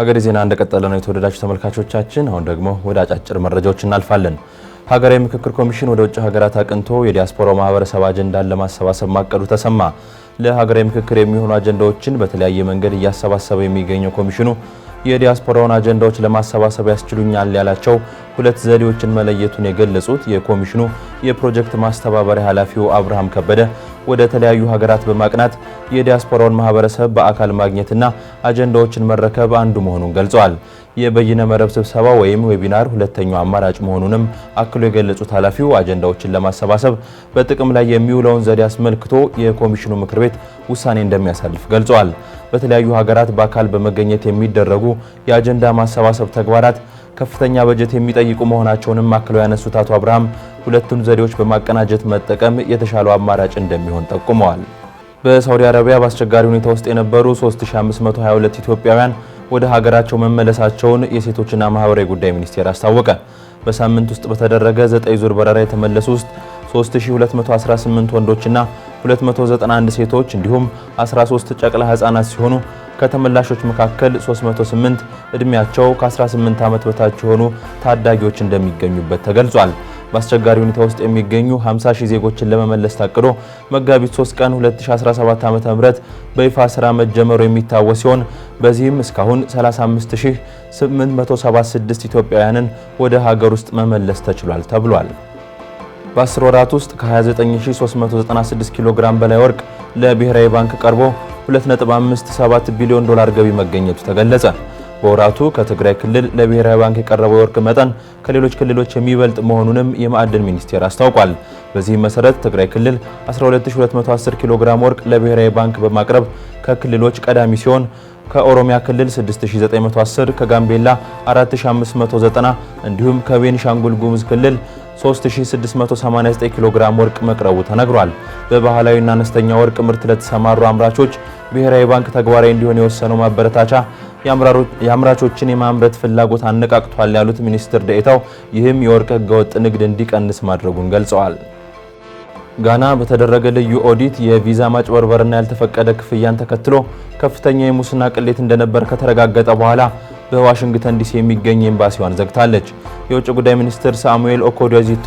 ሀገሬ ዜና እንደቀጠለ ነው። የተወደዳችሁ ተመልካቾቻችን፣ አሁን ደግሞ ወደ አጫጭር መረጃዎች እናልፋለን። ሀገራዊ ምክክር ኮሚሽን ወደ ውጭ ሀገራት አቅንቶ የዲያስፖራው ማህበረሰብ አጀንዳን ለማሰባሰብ ማቀዱ ተሰማ። ለሀገራዊ ምክክር የሚሆኑ አጀንዳዎችን በተለያየ መንገድ እያሰባሰበ የሚገኘው ኮሚሽኑ የዲያስፖራውን አጀንዳዎች ለማሰባሰብ ያስችሉኛል ያላቸው ሁለት ዘዴዎችን መለየቱን የገለጹት የኮሚሽኑ የፕሮጀክት ማስተባበሪያ ኃላፊው አብርሃም ከበደ ወደ ተለያዩ ሀገራት በማቅናት የዲያስፖራውን ማህበረሰብ በአካል ማግኘትና አጀንዳዎችን መረከብ አንዱ መሆኑን ገልጸዋል። የበይነ መረብ ስብሰባ ወይም ዌቢናር ሁለተኛው አማራጭ መሆኑንም አክሎ የገለጹት ኃላፊው አጀንዳዎችን ለማሰባሰብ በጥቅም ላይ የሚውለውን ዘዴ አስመልክቶ የኮሚሽኑ ምክር ቤት ውሳኔ እንደሚያሳልፍ ገልጿል። በተለያዩ ሀገራት በአካል በመገኘት የሚደረጉ የአጀንዳ ማሰባሰብ ተግባራት ከፍተኛ በጀት የሚጠይቁ መሆናቸውንም አክለው ያነሱት አቶ አብርሃም ሁለቱን ዘዴዎች በማቀናጀት መጠቀም የተሻለው አማራጭ እንደሚሆን ጠቁመዋል። በሳውዲ አረቢያ በአስቸጋሪ ሁኔታ ውስጥ የነበሩ 3522 ኢትዮጵያውያን ወደ ሀገራቸው መመለሳቸውን የሴቶችና ማህበራዊ ጉዳይ ሚኒስቴር አስታወቀ። በሳምንት ውስጥ በተደረገ ዘጠኝ ዙር በረራ የተመለሱ ውስጥ 3218 ወንዶችና 291 ሴቶች እንዲሁም 13 ጨቅላ ህፃናት ሲሆኑ ከተመላሾች መካከል 308 እድሜያቸው ከ18 ዓመት በታች የሆኑ ታዳጊዎች እንደሚገኙበት ተገልጿል። በአስቸጋሪ ሁኔታ ውስጥ የሚገኙ 50 ሺህ ዜጎችን ለመመለስ ታቅዶ መጋቢት 3 ቀን 2017 ዓ.ም በይፋ ስራ መጀመሩ የሚታወስ ሲሆን በዚህም እስካሁን 35876 ኢትዮጵያውያንን ወደ ሀገር ውስጥ መመለስ ተችሏል ተብሏል። በ10 ወራት ውስጥ ከ29396 ኪሎ ግራም በላይ ወርቅ ለብሔራዊ ባንክ ቀርቦ 2.57 ቢሊዮን ዶላር ገቢ መገኘቱ ተገለጸ። በወራቱ ከትግራይ ክልል ለብሔራዊ ባንክ የቀረበው የወርቅ መጠን ከሌሎች ክልሎች የሚበልጥ መሆኑንም የማዕድን ሚኒስቴር አስታውቋል። በዚህም መሰረት ትግራይ ክልል 12210 ኪሎ ግራም ወርቅ ለብሔራዊ ባንክ በማቅረብ ከክልሎች ቀዳሚ ሲሆን ከኦሮሚያ ክልል 6910፣ ከጋምቤላ 4590 እንዲሁም ከቤንሻንጉል ጉሙዝ ክልል 3689 ኪሎ ግራም ወርቅ መቅረቡ ተነግሯል። በባህላዊና አነስተኛ ወርቅ ምርት ለተሰማሩ አምራቾች ብሔራዊ ባንክ ተግባራዊ እንዲሆን የወሰነው ማበረታቻ የአምራቾችን የማምረት ፍላጎት አነቃቅቷል ያሉት ሚኒስትር ዴኤታው ይህም የወርቅ ህገወጥ ንግድ እንዲቀንስ ማድረጉን ገልጸዋል። ጋና በተደረገ ልዩ ኦዲት የቪዛ ማጭበርበርና ያልተፈቀደ ክፍያን ተከትሎ ከፍተኛ የሙስና ቅሌት እንደነበር ከተረጋገጠ በኋላ በዋሽንግተን ዲሲ የሚገኝ ኤምባሲዋን ዘግታለች። የውጭ ጉዳይ ሚኒስትር ሳሙኤል ኦኮዶዚቶ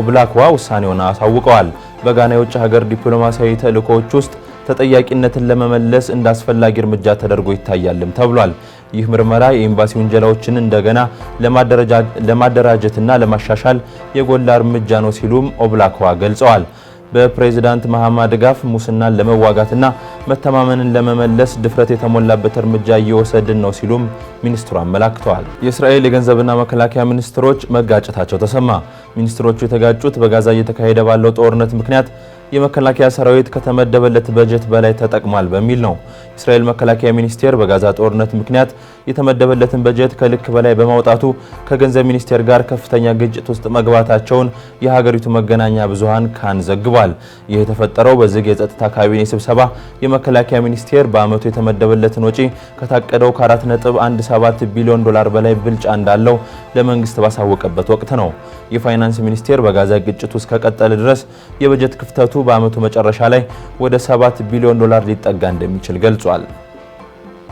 ኦብላክዋ ውሳኔውን አሳውቀዋል። በጋና የውጭ ሀገር ዲፕሎማሲያዊ ተልእኮዎች ውስጥ ተጠያቂነትን ለመመለስ እንደ አስፈላጊ እርምጃ ተደርጎ ይታያልም ተብሏል። ይህ ምርመራ የኤምባሲ ውንጀላዎችን እንደገና ለማደራጀትና ለማሻሻል የጎላ እርምጃ ነው ሲሉም ኦብላክዋ ገልጸዋል። በፕሬዚዳንት መሐማ ድጋፍ ሙስናን ለመዋጋትና መተማመንን ለመመለስ ድፍረት የተሞላበት እርምጃ እየወሰድን ነው ሲሉም ሚኒስትሩ አመላክተዋል። የእስራኤል የገንዘብና መከላከያ ሚኒስትሮች መጋጨታቸው ተሰማ። ሚኒስትሮቹ የተጋጩት በጋዛ እየተካሄደ ባለው ጦርነት ምክንያት የመከላከያ ሰራዊት ከተመደበለት በጀት በላይ ተጠቅሟል በሚል ነው። እስራኤል መከላከያ ሚኒስቴር በጋዛ ጦርነት ምክንያት የተመደበለትን በጀት ከልክ በላይ በማውጣቱ ከገንዘብ ሚኒስቴር ጋር ከፍተኛ ግጭት ውስጥ መግባታቸውን የሀገሪቱ መገናኛ ብዙሃን ካን ዘግቧል። ይህ የተፈጠረው በዝግ የጸጥታ ካቢኔ ስብሰባ የመከላከያ ሚኒስቴር በዓመቱ የተመደበለትን ወጪ ከታቀደው ከ4.17 ቢሊዮን ዶላር በላይ ብልጫ እንዳለው ለመንግስት ባሳወቀበት ወቅት ነው። የፋይናንስ ሚኒስቴር በጋዛ ግጭት ውስጥ ከቀጠለ ድረስ የበጀት ክፍተቱ በዓመቱ መጨረሻ ላይ ወደ 7 ቢሊዮን ዶላር ሊጠጋ እንደሚችል ገልጿል።